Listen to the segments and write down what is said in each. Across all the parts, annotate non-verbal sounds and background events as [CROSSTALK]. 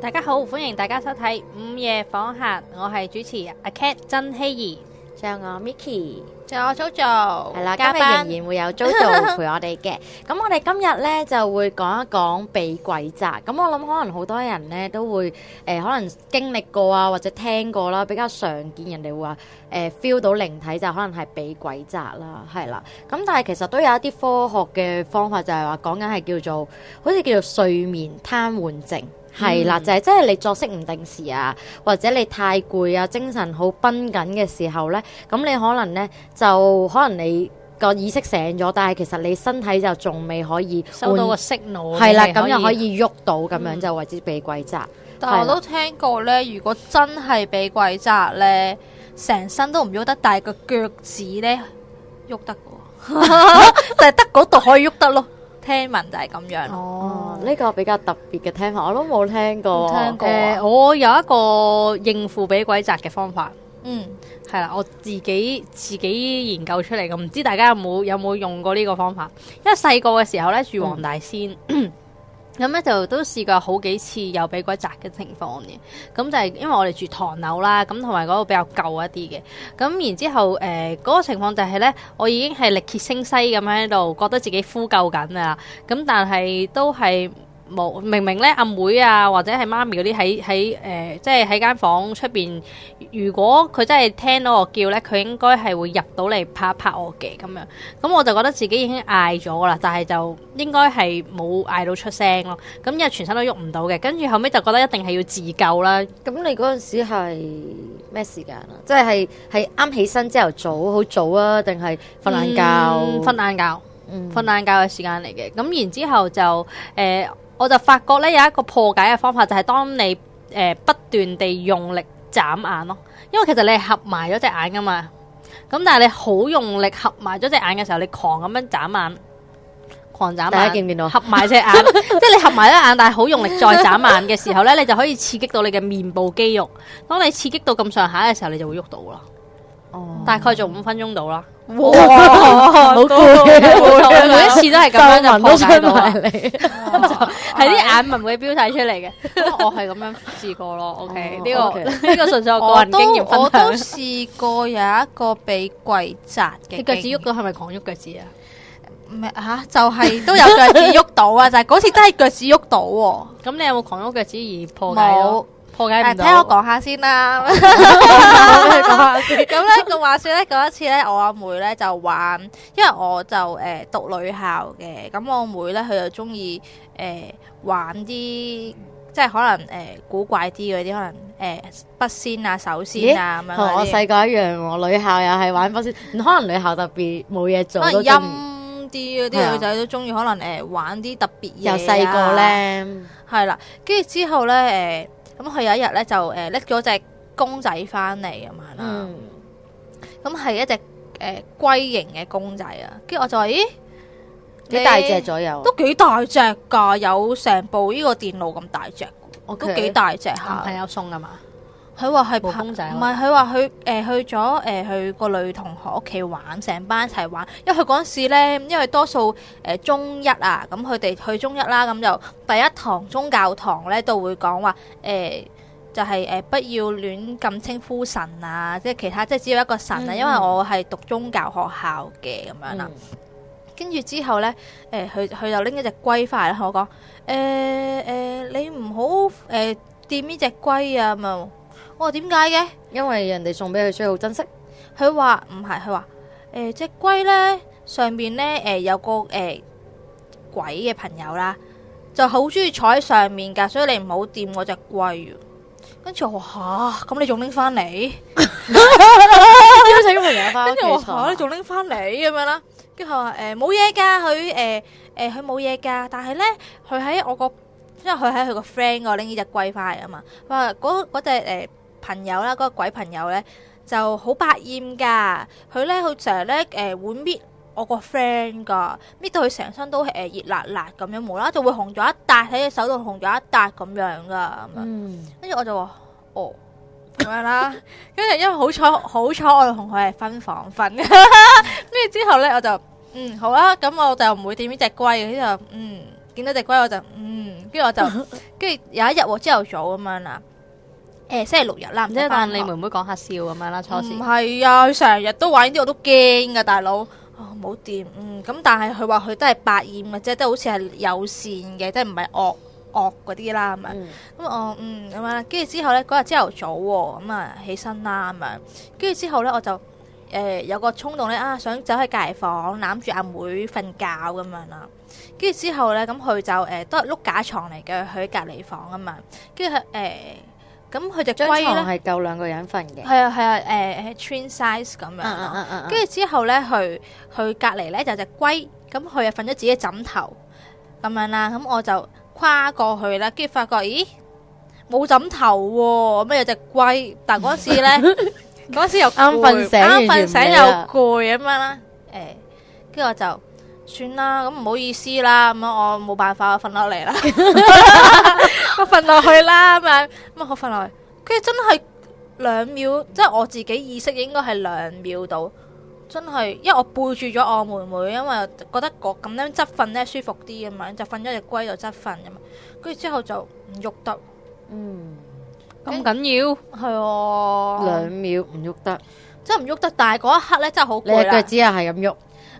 大家好，歡迎大家收睇《午夜訪客》，我係主持阿 Cat，真希兒，仲有我 Miki，仲有我 JoJo，係啦，今日仍然會有 JoJo 陪我哋嘅。咁我哋今日咧就會講一講俾鬼壓。咁我諗可能好多人咧都會誒，可能經歷過啊，或者聽過啦，比較常見人哋會話誒 feel 到靈體就可能係俾鬼壓啦，係啦。咁但係其實都有一啲科學嘅方法，就係話講緊係叫做好似叫做睡眠癱瘓症。係啦，就係即係你作息唔定時啊，或者你太攰啊，精神好繃緊嘅時候呢，咁你可能呢，就可能你個意識醒咗，但係其實你身體就仲未可以收到個息怒。係啦，咁又可以喐到，咁樣就，樣、嗯、就為之俾鬼壓。但我都聽過呢，如果真係俾鬼壓呢，成身都唔喐得，但係個腳趾呢，喐得，就係得嗰度可以喐得咯。聽聞就係咁樣哦，呢、嗯、個比較特別嘅聽聞，我都冇聽過。聽過、啊呃，我有一個應付俾鬼壓嘅方法。嗯，係啦，我自己自己研究出嚟嘅，唔知大家有冇有冇用過呢個方法？因為細個嘅時候咧，住黃大仙。嗯 [COUGHS] 咁咧就都試過好幾次有俾鬼壓嘅情況嘅，咁就係因為我哋住唐樓啦，咁同埋嗰個比較舊一啲嘅，咁然之後誒嗰、呃嗰個情況就係咧，我已經係力竭聲嘶咁喺度，覺得自己呼救緊啦，咁但係都係。冇明明咧，阿妹啊，或者係媽咪嗰啲喺喺誒，即係喺間房出邊。如果佢真係聽到我叫咧，佢應該係會入到嚟拍一拍我嘅咁樣。咁我就覺得自己已經嗌咗啦，但係就應該係冇嗌到出聲咯。咁因為全身都喐唔到嘅，跟住後尾就覺得一定係要自救啦。咁你嗰陣時係咩時間啊？即係係啱起身之後早好早啊，定係瞓晏覺？瞓晏覺，瞓晏覺嘅時間嚟嘅。咁然之後就誒。呃我就發覺咧，有一個破解嘅方法，就係當你誒不斷地用力眨眼咯，因為其實你係合埋咗隻眼噶嘛。咁但係你好用力合埋咗隻眼嘅時候，你狂咁樣眨眼，狂眨眼見唔見到合埋隻眼？即係你合埋咗眼，但係好用力再眨眼嘅時候咧，你就可以刺激到你嘅面部肌肉。當你刺激到咁上下嘅時候，你就會喐到啦。哦，大概做五分鐘到啦。哇，好攰，每一次都係咁樣就破解到你。係啲眼聞嘅標題出嚟嘅， [MUSIC] [LAUGHS] 我係咁樣試過咯。OK，呢個呢我個純粹個人經驗分享。我都我都試過有一個俾鬼窄嘅，隻腳趾喐到係咪狂喐腳趾啊？唔係吓，就係、是、都有腳趾喐 [LAUGHS] 到啊！就係、是、嗰次都係腳趾喐到喎、哦嗯。咁你有冇狂喐腳趾而破到？聽我講、啊、下先啦。咁咧個話說咧，嗰一次咧，我阿妹咧就玩，因為我就誒、呃、讀女校嘅。咁我阿妹咧佢就中意誒玩啲即係可能誒、呃、古怪啲嗰啲，可能誒筆仙啊、手仙啊咁咦樣。同我細個一樣，女校又係玩筆仙。可能女校特別冇嘢做陰啲嗰啲女仔都中意，可能誒、呃、玩啲特別嘢啊。又細個咧，係啦，跟住之後咧，誒。呃咁佢有一日咧就誒拎咗隻公仔翻嚟咁樣啦，咁係、嗯、一隻誒、呃、龜形嘅公仔啊，跟住我就話，咦幾大隻左右，都幾大隻噶，有成部呢個電腦咁大隻，我都幾大隻嚇，的朋友送㗎嘛～佢話係拍，唔係，佢話佢誒去咗誒去個女同學屋企玩，成班一齊玩。因為佢嗰陣時咧，因為多數誒中一啊，咁佢哋去中一啦，咁就第一堂宗教堂咧，都會講話誒就係誒不要亂咁稱呼神啊，即係其他即係只有一個神啊。因為我係讀宗教學校嘅咁樣啦，跟住之後咧誒，佢佢就拎一隻龜翻嚟，我講誒誒，你唔好誒掂呢隻龜啊，咁樣。我點解嘅？因為人哋送俾佢，所以好珍惜。佢話唔係，佢話誒隻龜咧上邊咧誒有個誒鬼嘅朋友啦，就好中意坐喺上面噶，所以你唔好掂我隻龜。跟住我話咁，你仲拎翻嚟邀請朋友翻嚟？跟住我話你仲拎翻嚟咁樣啦？跟住我話誒冇嘢噶，佢誒誒佢冇嘢噶，但係咧佢喺我個，因為佢喺佢個 friend 嗰度拎呢隻龜翻嚟啊嘛。話嗰嗰隻誒。朋友啦，嗰、那個鬼朋友咧就好百厭噶，佢咧佢成日咧誒會搣我個 friend 噶，搣到佢成身都係誒熱辣辣咁樣，無啦就會紅咗一笪喺隻手度，紅咗一笪咁樣噶咁樣，跟住、嗯、我就話哦咁樣啦，跟住 [LAUGHS] 因為好彩好彩我同佢係分房瞓，跟住之後咧我就嗯好啦，咁我就唔會掂呢隻龜，跟住嗯見到隻龜我就嗯，跟住我就跟住有一日朝頭早咁樣啦。誒，星期六日啦，唔知但你妹妹講下笑咁樣啦，初時唔係啊，佢成日都玩啲，我都驚噶，大佬冇掂嗯咁。但係佢話佢都係百厭嘅啫，都好似係友善嘅，即係唔係惡惡嗰啲啦，咁樣咁我嗯咁啊。跟住之後咧，嗰日朝頭早喎，咁啊起身啦咁樣，跟住之後咧，我就誒、呃、有個衝動咧啊，想走喺隔籬房攬住阿妹瞓覺咁樣、呃、啦。跟住之後咧，咁佢就誒都係碌架床嚟嘅，佢喺隔籬房啊嘛。跟住誒。エア 咁佢隻龜可能係夠兩個人瞓嘅，係啊係啊，誒，queen size 咁樣啦，跟住之後咧，佢佢隔離咧就有隻龜，咁佢就瞓咗自己枕頭咁樣啦，咁我就跨過去啦，跟住發覺咦冇枕頭喎，咩有隻龜，但嗰時咧嗰時又啱瞓醒，啱瞓醒又攰咁樣啦，誒，跟住我就。算啦，咁、嗯、唔好意思啦，咁、嗯、樣我冇辦法，我瞓落嚟啦，我瞓落去啦，咁啊咁啊，我瞓落去，跟住真係兩秒，即係我自己意識應該係兩秒到。真係，因為我背住咗我妹妹，因為覺得個咁樣側瞓咧舒服啲咁樣，就瞓咗隻龜就側瞓咁，跟住之後就唔喐得，嗯，咁緊要，係啊，哦、兩秒唔喐得，真係唔喐得，但係嗰一刻咧真係好攰啦，你腳趾啊係咁喐。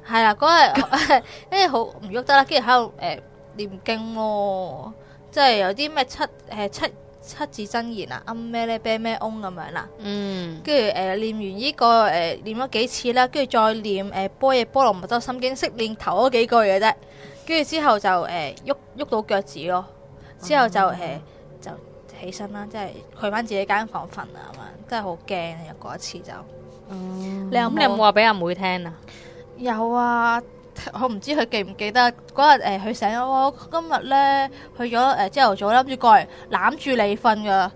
係啦，嗰日跟住好唔喐得啦，跟住喺度誒唸經咯，即係有啲咩七誒七七字真言啊，唵咩咧，咩咩嗡咁樣啦。嗯。跟住誒唸完呢個誒唸咗幾次啦，跟住再念誒波耶波羅蜜多心經，識唸頭嗰幾句嘅啫。跟住之後就誒喐喐到腳趾咯，之後就誒就起身啦，即係回翻自己間房瞓啊嘛，真係好驚啊！嗰一次就。嗯。咁你有冇話俾阿妹聽啊？有啊，我唔知佢記唔記得嗰日誒，佢、呃、醒咗、呃，我今日咧去咗誒朝頭早，諗住過嚟攬住你瞓噶，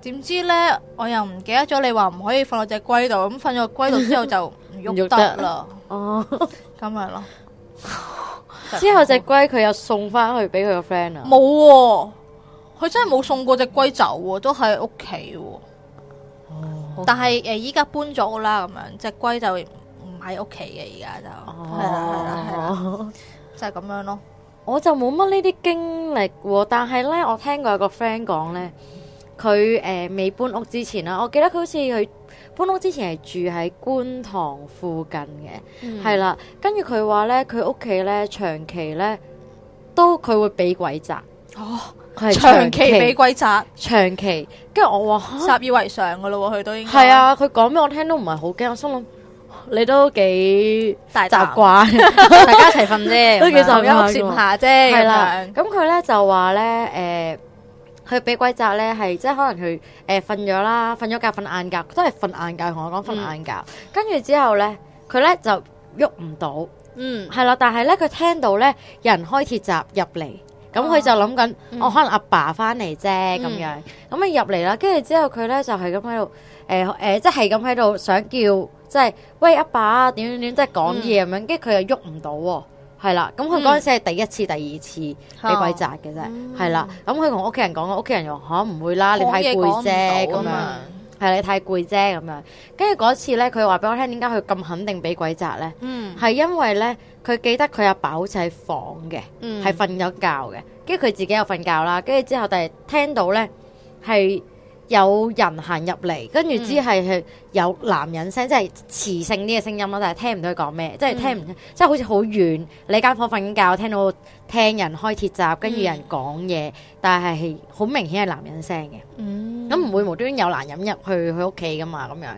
點知咧我又唔記得咗你話唔可以瞓落隻龜度，咁瞓咗個龜度之後就唔喐 [LAUGHS] 得、哦嗯呃、啦。哦，咁樣咯，之後隻龜佢又送翻去俾佢個 friend 啊？冇喎，佢真係冇送過隻龜走喎，都喺屋企喎。但係誒，依家搬咗啦，咁樣隻龜就。喺屋企嘅，而家就係啦係啦，就係、是、咁樣咯。我就冇乜呢啲經歷，但係咧，我聽過有個 friend 講咧，佢誒未搬屋之前啦，我記得佢好似佢搬屋之前係住喺觀塘附近嘅，係啦、mm.。跟住佢話咧，佢屋企咧長期咧都佢會俾鬼壓，哦，佢係長期俾鬼壓，長期。跟住我話吓，習、啊、以為常噶咯，佢都應係啊。佢講俾我聽都唔係好驚，我心諗。你都幾習慣，大家一齊瞓啫，都幾就休個下啫。係啦，咁佢咧就話咧，誒，佢俾鬼壓咧，係即係可能佢誒瞓咗啦，瞓咗覺，瞓晏覺，都係瞓晏覺，同我講瞓晏覺。跟住之後咧，佢咧就喐唔到，嗯，係啦。但係咧，佢聽到咧，有人開鐵閘入嚟，咁佢就諗緊，我可能阿爸翻嚟啫，咁樣。咁佢入嚟啦，跟住之後佢咧就係咁喺度，誒誒，即係咁喺度想叫。即係、就是、喂阿爸點點點，即係講嘢咁樣，跟住佢又喐唔到喎，係啦。咁佢嗰陣時係第一次、嗯、第二次俾鬼壓嘅啫，係、嗯、啦。咁佢同屋企人講，屋企人又嚇唔、啊、會啦，講話 你太攰啫咁樣，係你太攰啫咁樣。跟住嗰次咧，佢話俾我聽點解佢咁肯定俾鬼壓咧？係、嗯、因為咧，佢記得佢阿爸，爸好似喺房嘅，係瞓咗覺嘅，跟住佢自己又瞓覺啦，跟住之後但係聽到咧係。有人行入嚟，跟住之係係有男人聲，嗯、即係磁性啲嘅聲音咯，但係聽唔到佢講咩，即係聽唔，嗯、即係好似好遠。你間房瞓緊覺，聽到聽人開鐵閘，跟住有人講嘢，嗯、但係好明顯係男人聲嘅。咁唔、嗯、會無端端有男人入去佢屋企噶嘛？咁樣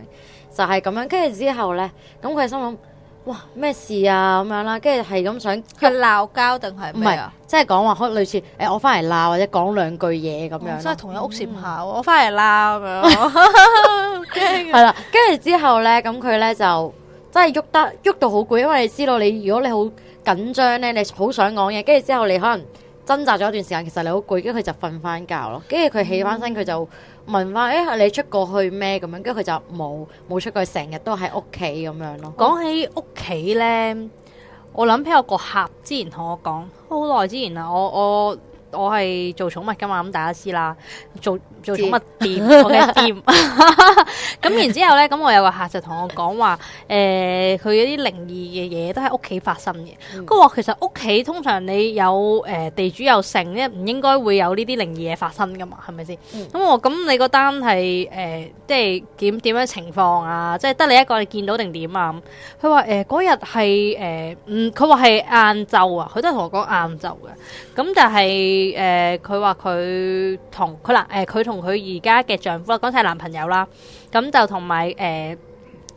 就係咁樣，跟住之後咧，咁佢心諗。哇！咩事啊咁樣啦，跟住係咁想佢鬧交定係咩啊？唔係，即係講話好類似誒、欸，我翻嚟鬧或者講兩句嘢咁樣。即係、哦、同一屋檐下、啊，嗯、我翻嚟鬧咁樣。係啦、 [LAUGHS] [LAUGHS] 啊，跟住 [LAUGHS] 之後咧，咁佢咧就真係喐得喐到好攰，因為你知道你，如果你好緊張咧，你好想講嘢，跟住之後你可能。掙扎咗一段時間，其實你好攰，跟住佢就瞓翻覺咯。跟住佢起翻身，佢、嗯、就問翻：哎、欸，你出過去咩？咁樣跟住佢就冇冇出過去，成日都喺屋企咁樣咯。哦、講起屋企咧，我諗起我個客之前同我講，好耐、哦、之前啊，我我。我係做寵物㗎嘛，咁大家知啦。做做寵物店，我嘅店。咁、 [LAUGHS] 嗯、然之後咧，咁我有個客就同我講話，誒、呃，佢有啲靈異嘅嘢都喺屋企發生嘅。佢話其實屋企通常你有誒、呃、地主有盛咧，唔應該會有呢啲靈異嘢發生噶嘛，係咪先？咁、嗯、我咁、嗯、你個單係誒，即係點點樣情況啊？即係得你一個你見到定點啊？佢話誒嗰日係誒，嗯，佢話係晏晝啊，佢都係同我講晏晝嘅。咁但係。嗯誒，佢話佢同佢男誒，佢同佢而家嘅丈夫啦，講晒男朋友啦，咁就同埋誒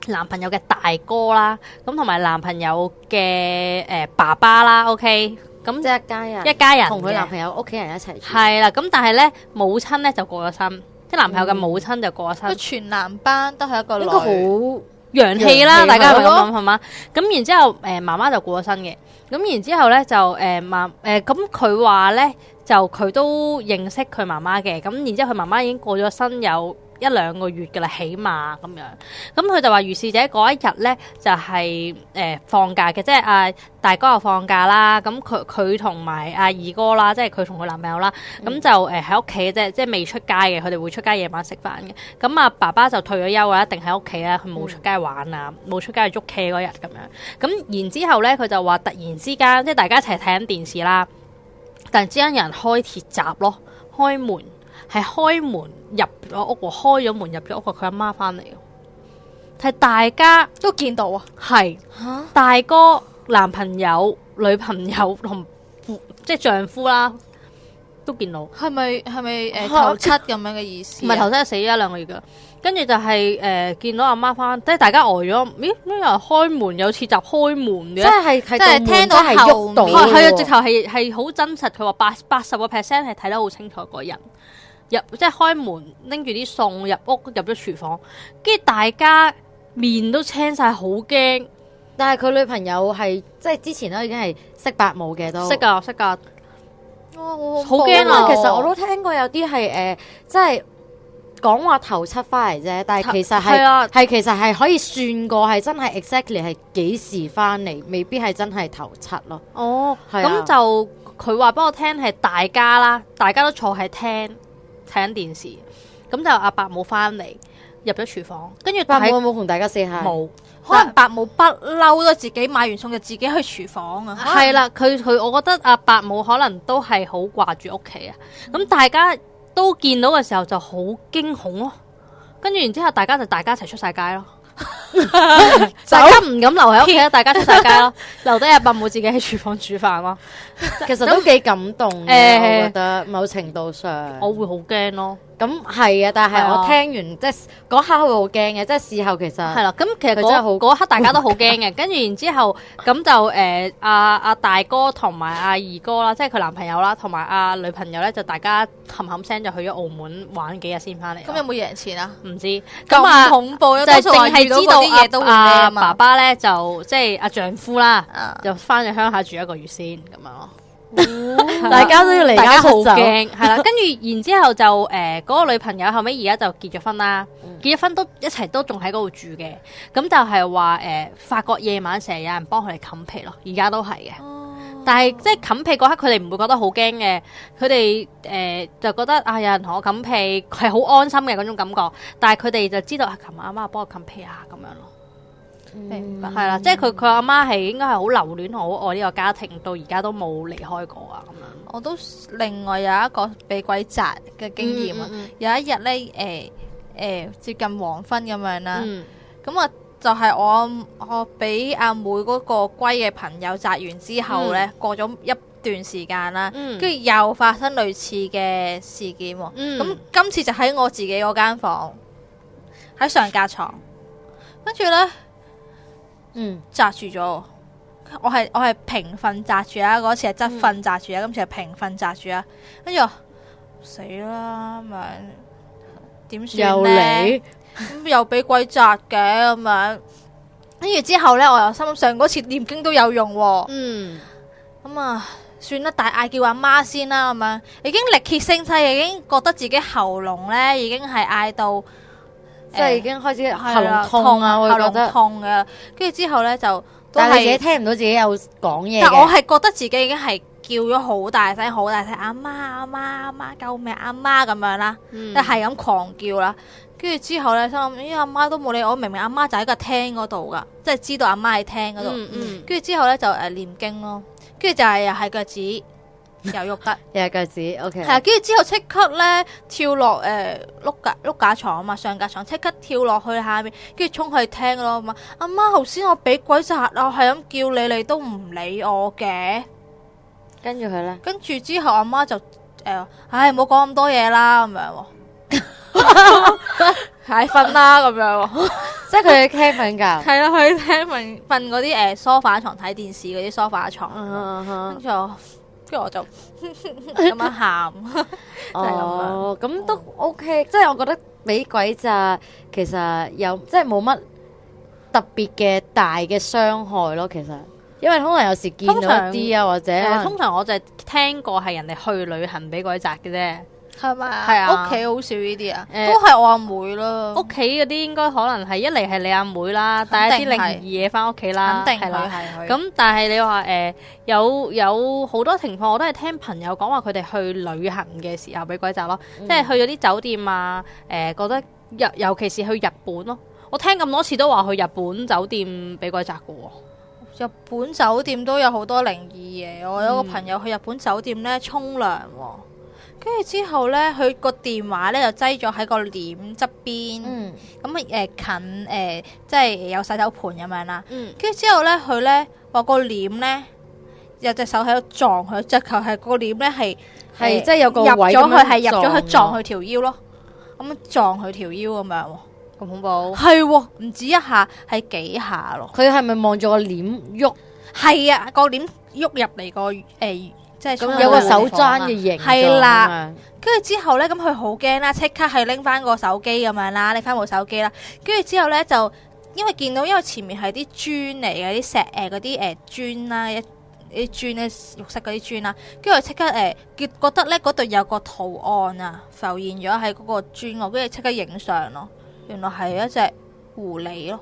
男朋友嘅大哥啦，咁同埋男朋友嘅誒爸爸啦，OK，咁即係一家人，一家人同佢男朋友屋企人一齊住，係啦，咁但係咧母親咧就過咗身，即係男朋友嘅母親就過咗身，全男班都係一個女，好洋氣啦，大家會咁諗係嘛？咁然之後誒，媽媽就過咗身嘅。咁然之後咧，就誒媽、誒、咁佢話咧就佢都認識佢媽媽嘅，咁然之後佢媽媽已經過咗身有一兩個月嘅啦，起碼咁樣。咁佢、嗯、就話，如是者嗰一日咧就係、是、誒、呃、放假嘅，即係阿大哥又放假啦。咁佢佢同埋阿、啊、二哥啦，即係佢同佢男朋友啦。咁、嗯、就誒喺屋企嘅啫，即係未出街嘅。佢哋會出街夜晚食飯嘅。咁啊、嗯、爸爸就退咗休啦，一定喺屋企啦，佢冇出街玩啊，冇、嗯、出街喺屋企嗰日咁樣。咁然之後咧，佢就話突然之間，即、就、係、是、大家一齊睇緊電視啦，突然之間有人開鐵閘咯，開門。係開門入咗屋、喎，開咗門入咗屋、喎，佢阿媽翻嚟係大家都見到啊，係是、啊、大哥男朋友、女朋友同夫即係丈夫啦，都見到係咪係咪誒頭七咁樣嘅意思、啊？唔係頭七，係死咗一兩個月噶。跟住就係、是、誒、呃、見到阿媽翻，即係大家呆咗。咦，咩又係開門有涉及開門嘅？即係即係聽到喺喐動到，係啊，直頭係係好真實。佢話八八十個 percent 係睇得好清楚個人。入即係開門拎住啲餸入屋入咗廚房，跟住大家面都青晒，好驚。但係佢女朋友係即係之前都已經係識八母嘅都識噶識噶、哦，好驚啊！其實我都聽過有啲係誒，即係講話頭七翻嚟啫，但係其實係係、啊、其實係可以算過，係真係 exactly 係幾時翻嚟，未必係真係頭七咯。哦，咁、啊、就佢話俾我聽係大家啦，大家都坐喺廳。睇緊電視，咁就阿伯母翻嚟入咗廚房，跟住伯母有冇同大家 say 下冇沒，可能伯母不嬲都自己買完餸就自己去廚房啊。係啦、啊，佢佢，我覺得阿伯母可能都係好掛住屋企啊，咁大家都見到嘅時候就好驚恐咯、啊，跟住然之後大家就大家一齊出晒街咯、啊。 [LAUGHS] 走大家唔敢留喺屋企啦， [LAUGHS] 大家出晒街咯， [LAUGHS] 留低阿伯母自己喺廚房煮飯咯， [LAUGHS] 其實都幾感動嘅。欸、我覺得某程度上、欸，欸、我會好驚咯。咁係啊，但係我聽完、oh。即係嗰刻會好驚嘅，即係事後其實係啦。咁其實佢真係好嗰嗰刻大家都好驚嘅， [LAUGHS] 跟住然之後咁就誒阿阿大哥同埋阿二哥啦，即係佢男朋友啦，同埋阿女朋友咧，就大家冚冚聲就去咗澳門玩幾日先翻嚟。咁有冇贏錢啊？唔知咁啊，恐怖！就淨係知道啲嘢阿阿爸爸咧就即係阿丈夫啦，uh. 就翻咗鄉下住一個月先咁樣。嗯、 [LAUGHS] 大家都要離家出走，係啦。跟住，然之後，後就誒，嗰、呃那個女朋友後尾而家就結咗婚啦。嗯、結咗婚都一齊都仲喺嗰度住嘅。咁就係話誒，發覺夜晚成日有人幫佢哋冚被咯，而家都係嘅。嗯、但係即係冚被嗰刻，佢哋唔會覺得好驚嘅。佢哋誒就覺得啊，有人同我冚被，係好安心嘅嗰種感覺。但係佢哋就知道啊，琴日阿媽幫我冚被啊，咁樣咯。明白係啦，即係佢佢阿媽係應該係好留戀好愛呢個家庭，到而家都冇離開過啊。咁樣我都另外有一個俾鬼壓嘅經驗。嗯嗯嗯，有一日咧，誒、呃、誒、呃，接近黃昏咁樣啦，咁啊、嗯，就係我我俾阿妹嗰個龜嘅朋友壓完之後咧，嗯、過咗一段時間啦，跟住、嗯、又發生類似嘅事件。咁今、嗯、次就喺我自己嗰間房喺上架床，跟住咧。嗯，壓住咗，我係我係平瞓壓住啊，嗰次係側瞓壓住啊，嗯、今次係平瞓壓住啊，跟住話死啦咁樣，點算咧？咁又俾你 [LAUGHS] 鬼壓嘅咁樣，跟住之後咧，我又心諗嗰次念經都有用喎。嗯，咁啊，算啦，大嗌叫阿媽，媽先啦，咁樣已經力竭聲嘶，已經覺得自己喉嚨咧已經係嗌到。即係已經開始喉痛啊，會覺得痛嘅。跟住之後咧就，都但係自己聽唔到自己有講嘢。但我係覺得自己已經係叫咗好大聲，好大聲，阿媽阿媽阿媽，救命阿媽咁樣啦，即係係咁狂叫啦。跟住之後咧，心諗咦，阿媽都冇理我，明明阿媽就喺個廳嗰度噶，即係知道阿媽喺廳嗰度。跟住、嗯嗯、之後咧就誒念經咯，跟住就係又係腳趾。有肉骨，有戒指，OK。係啊，跟住之後即刻咧跳落誒碌架碌架床啊嘛，上架床即刻跳落去下面，跟住衝去聽咯。阿媽，頭先我俾鬼壓啊，係咁叫你，你都唔理我嘅。跟住佢咧？跟住之後阿媽就誒，唉，唔好講咁多嘢啦，咁樣喎，瞓啦，咁樣，即係佢聽瞓噶。係咯，佢聽瞓瞓嗰啲誒梳化床睇電視嗰啲梳化床，跟住。跟住我就咁 [LAUGHS] 樣喊哭， [LAUGHS] 就係咁咁都 OK，嗯、即係我覺得俾鬼壓，其實有即係冇乜特別嘅大嘅傷害咯。其實，因為可能有時見到啲啊，常或者、嗯、通常我就係聽過係人哋去旅行俾鬼壓嘅啫。係嘛？係啊，屋企好少呢啲啊，呃、都係我阿妹咯。屋企嗰啲應該可能係一嚟，係你阿妹啦，帶一啲靈異嘢翻屋企啦，肯定係啦，咁但係你話誒、呃、有有好多情況，我都係聽朋友講話，佢哋去旅行嘅時候俾鬼壓咯，嗯、即係去咗啲酒店啊，誒、呃、覺得日尤，尤其是去日本咯，我聽咁多次都話去日本酒店俾鬼壓噶，日本酒店都有好多靈異嘢，我有個朋友去日本酒店咧沖涼。嗯跟住之後咧，佢個電話咧就擠咗喺個簾側邊，咁誒、嗯嗯、近誒、呃，即係有洗手盆咁樣啦。跟住、嗯、之後咧，佢咧話個簾咧有隻手喺度撞佢、隻手，即係佢係個簾咧係係即係有個入咗佢，係入咗去撞佢條腰咯。咁撞佢條腰咁樣腰，咁恐怖？係喎、哦，唔止一下，係幾下咯。佢係咪望住個簾喐？係啊，那個簾喐入嚟個誒。呃即係有個手踭嘅形，係啦的。跟住樣之後咧，咁佢好驚啦，即刻係拎翻個手機咁樣啦，拎翻部手機啦。跟住之後咧，就因為見到，因為前面係啲磚嚟嘅，啲石誒，嗰啲誒磚啦，一啲磚咧，浴室嗰啲磚啦。跟住佢即刻誒、呃，覺覺得咧嗰度有個圖案啊，浮現咗喺嗰個磚，我跟住即刻影相咯。原來係一隻狐狸咯，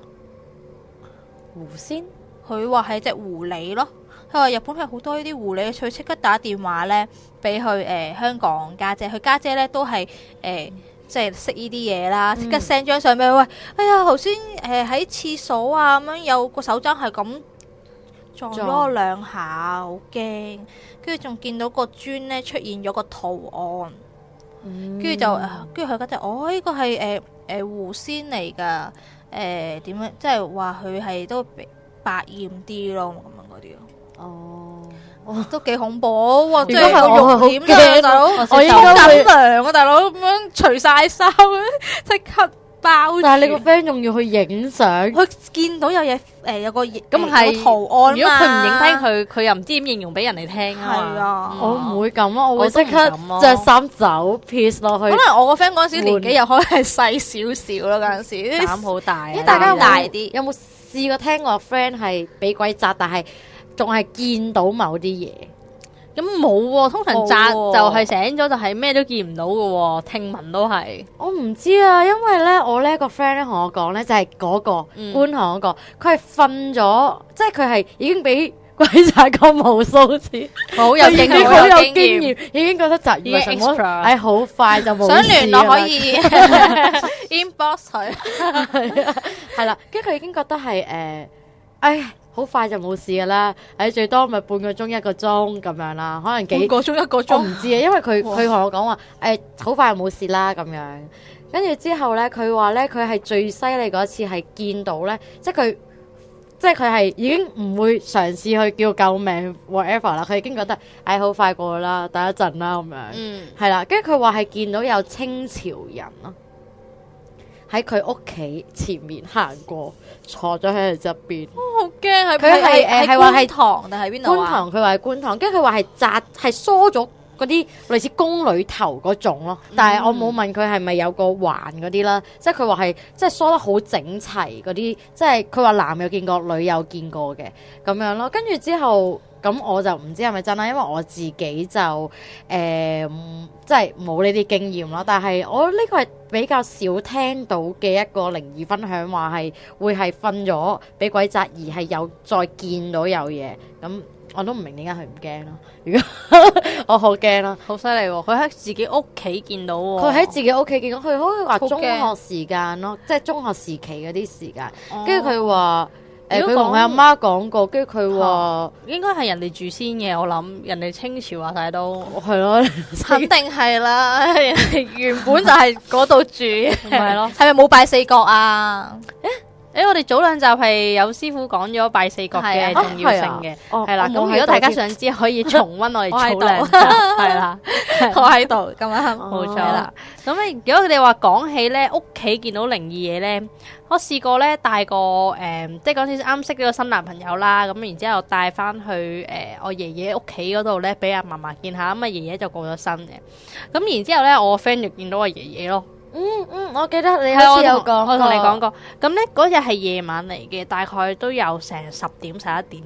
狐仙，佢話係隻狐狸咯。佢話日本係好多呢啲狐狸，佢即刻打電話咧，俾佢誒香港家姐，姐。佢家姐咧都係誒，即係識呢啲嘢啦。即、就是、刻 send 張相俾佢喂，哎呀，頭先誒喺廁所啊，咁樣有個手踭係咁撞咗我兩下，好驚。跟住仲見到個磚咧出現咗個圖案，跟住、嗯、就跟住佢家姐，哦，呢、這個係誒誒狐仙嚟㗎，誒、呃、點樣即係話佢係都白厭啲咯。哦，哦，都幾恐怖，即係個肉點咧，大佬，我好膽涼啊，大佬咁樣除晒衫，即刻包住，但係你個 friend 仲要去影相，佢見到有嘢誒，有個咁係圖案。如果佢唔影低佢，佢又唔知點形容俾人哋聽啊。係啊，我唔會咁咯，我會即刻着衫走，peace 落去。可能我個 friend 嗰時年紀又可能係細少少咯，嗰陣時膽好大，大家大啲。有冇試過聽我 friend 係俾鬼壓，但係？仲係見到某啲嘢，咁冇通常扎就係醒咗，就係咩都見唔到嘅。聽聞都係，我唔知啊，因為咧我咧個 friend 咧同我講咧就係嗰個觀塘嗰個，佢係瞓咗，即係佢係已經俾鬼壓過無數次，好有經驗，好有經驗，已經覺得扎唔係好快就冇。想聯絡可以 inbox 佢係啦，跟住佢已經覺得係誒，哎。好快就冇事噶啦，誒最多咪半個鐘一個鐘咁樣啦，可能幾半個鐘一個鐘唔知啊。哦、因為佢佢同我講話誒好快冇事啦咁樣，跟住之後呢，佢話呢，佢係最犀利嗰次係見到呢，即係佢即係佢係已經唔會嘗試去叫救命 whatever 啦，佢已經覺得誒好快過啦，等一陣啦咁樣，嗯，係啦，跟住佢話係見到有清朝人咯。喺佢屋企前面行過，坐咗喺佢側邊。我、哦、好驚，佢係誒係話係觀塘定係邊度啊？觀塘，佢話係觀塘，跟住佢話係紮係梳咗嗰啲類似宮女頭嗰種咯。但係我冇問佢係咪有個環嗰啲啦，即係佢話係即係梳得好整齊嗰啲，即係佢話男友見過，女友見過嘅咁樣咯。跟住之後。咁、嗯、我就唔知係咪真啦，因為我自己就誒，即係冇呢啲經驗咯。但係我呢個係比較少聽到嘅一個靈異分享，話係會係瞓咗俾鬼壓而係有再見到有嘢。咁、嗯、我都唔明點解佢唔驚咯。如 [LAUGHS] 果 [LAUGHS] 我好驚咯，好犀利！佢喺自己屋企見、哦、見到，佢喺自己屋企見到，佢可以話中學時間咯，即係中學時期嗰啲時間。跟住佢話。誒，佢同佢阿媽講過，跟住佢話應該係人哋住先嘅，我諗人哋清朝啊，大都係咯，肯定係啦， [LAUGHS] 原本就係嗰度住，係咯，係咪冇拜四角啊？ [LAUGHS] 誒、欸，我哋早兩集係有師傅講咗拜四角嘅重要性嘅，係啦、啊。咁如果大家想知，可以重溫我哋早兩集。我喺度係啦，我喺度。咁啱冇錯啦。咁如果佢哋話講起咧，屋企見到靈異嘢咧，我試過咧帶個誒，即係嗰次啱識咗個新男朋友啦。咁然之後帶翻去誒、呃，我爺爺屋企嗰度咧，俾阿嫲嫲見下，咁啊爺爺就過咗身嘅。咁然之後咧，後我 friend 就見到我爺爺咯。嗯嗯，我記得你有是我同跟你講過，咁、嗯、呢嗰日係夜晚嚟嘅，大概都有成十點十一點，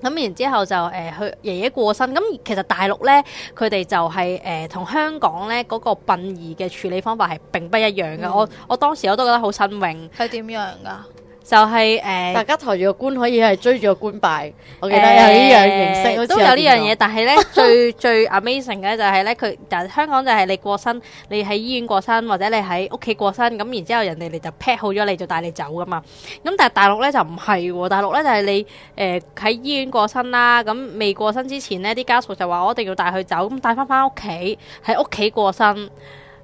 咁然之後就誒去爺爺過身。咁其實大陸呢，佢哋就係誒同香港呢嗰、那個殯儀嘅處理方法係並不一樣嘅。嗯、我我當時我都覺得好新穎，係點樣㗎？就係、是、誒，呃、大家抬住個棺可以係追住個棺拜。我記得有呢樣形式，呃、有都有樣呢樣嘢。但係咧，最最 amazing 咧就係咧，佢但香港就係你過身，你喺醫院過身，或者你喺屋企過身，咁然之後人哋你就 pack 好咗，你就帶你走噶嘛。咁但係大陸咧就唔係喎，大陸咧就係、是、你誒喺、呃、醫院過身啦。咁未過身之前呢，啲家屬就話我一定要帶佢走，咁帶翻翻屋企喺屋企過身，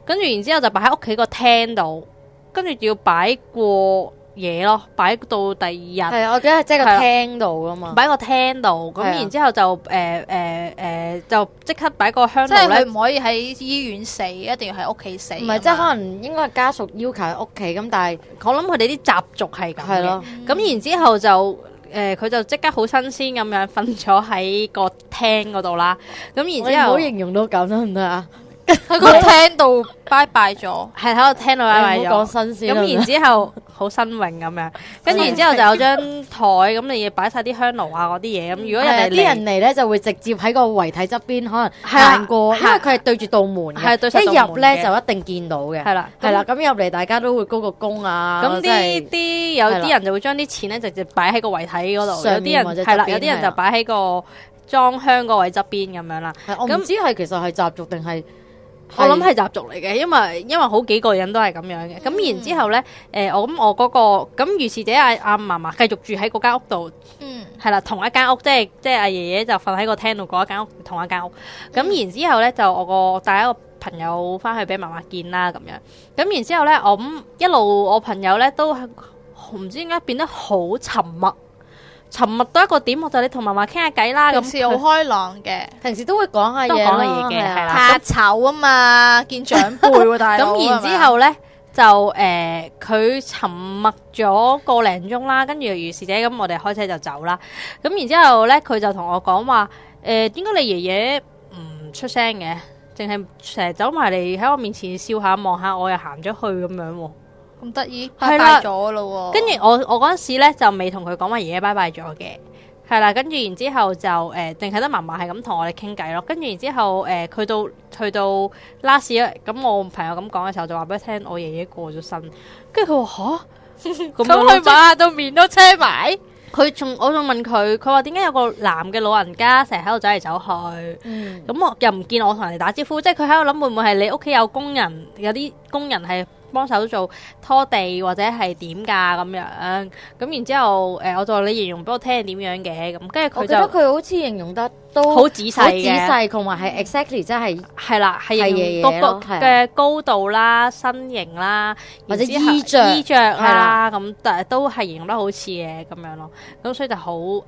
跟住然之後就擺喺屋企個廳度，跟住要擺過嘢咯，擺到第二日。係啊，我記得係即個廳度噶嘛。擺個廳度，咁然之後就誒誒誒，就即刻擺個香爐。即係佢唔可以喺醫院死，一定要喺屋企死。唔係，即係可能應該係家屬要求喺屋企咁，但係我諗佢哋啲習俗係咁嘅。係咯，咁然之後就誒，佢就即刻好新鮮咁樣瞓咗喺個廳嗰度啦。咁然之後，我冇形容到咁得唔得啊？喺個廳度拜拜咗，係喺個廳度拜拜咗。講新鮮。咁然之後。好新穎咁樣，跟住然之後就有張台，咁你要擺晒啲香爐啊嗰啲嘢。咁如果人啲人嚟呢，就會直接喺個遺體側邊，可能行過，因為佢係對住道門，係對。一入呢就一定見到嘅，係啦，係啦。咁入嚟大家都會鞠個躬啊。咁呢啲有啲人就會將啲錢呢直接擺喺個遺體嗰度，有啲人係啦，有啲人就擺喺個裝香嗰位側邊咁樣啦。係只唔知係其實係習俗定係。我諗係習俗嚟嘅，因為因為好幾個人都係咁樣嘅，咁然之後咧，誒，我咁我嗰個咁如是者阿阿嫲嫲繼續住喺嗰間屋度，嗯，係啦，同一間屋，即係即係阿爺爺就瞓喺個廳度，嗰一間屋，同一間屋，咁然之後咧就我個帶一個朋友翻去俾嫲嫲見啦，咁樣，咁然之後咧我咁一路我朋友咧都唔知點解變得好沉默，沉默多一個點，我就你同嫲嫲傾下偈啦。咁，佢好開朗嘅，平時都會講下嘢嘅。怕醜啊嘛，見長輩喎，但係咁然之後咧，是是就誒，佢、呃、沉默咗個零鐘啦，跟住如是者咁，我哋開車就走啦。咁然之後咧，佢就同我講話，誒、呃，點解你爺爺唔出聲嘅？淨係成日走埋嚟喺我面前笑下望下，我又行咗去咁樣。咁得意，拜拜咗咯喎！跟住我，我嗰陣時咧就未同佢講話爺爺拜拜咗嘅，係啦。跟住然之後就誒，淨係得嫲嫲係咁同我哋傾偈咯。跟住然之後，誒，去到去到 last 咁，我朋友咁講嘅時候就話俾佢聽，我爺爺過咗身。跟住佢話吓，走去馬都面都車埋。佢仲我仲問佢，佢話點解有個男嘅老人家成日喺度走嚟走去，咁我又唔見我同人哋打招呼，即係佢喺度諗會唔會係你屋企有工人，有啲工人係。幫手做拖地或者係點噶咁樣，咁然之後誒，我就話你形容俾我聽係點樣嘅咁，跟住佢就，我記得佢好似形容得都好仔細嘅，同埋係 exactly，即係係啦，係爺爺咯，嘅的高度啦、身形啦，或者衣着衣着啦，咁誒都係形容得好似嘅咁樣咯，咁所以就好誒，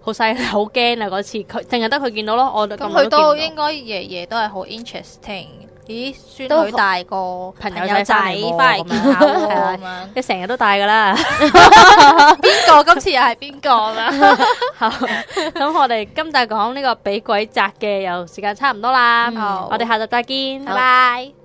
好細好驚啊！嗰次佢淨係得佢見到咯，我佢那他 都應該爺爺都係好 interesting。 [LAUGHS] 咦，孫女大個，朋友仔翻嚟找我，你成日都帶噶啦？邊個今次又係邊個？ [LAUGHS] [LAUGHS] 好，咁我哋今集講呢個俾鬼壓嘅，又時間差唔多啦。 [LAUGHS] 我哋下集再見好，拜拜。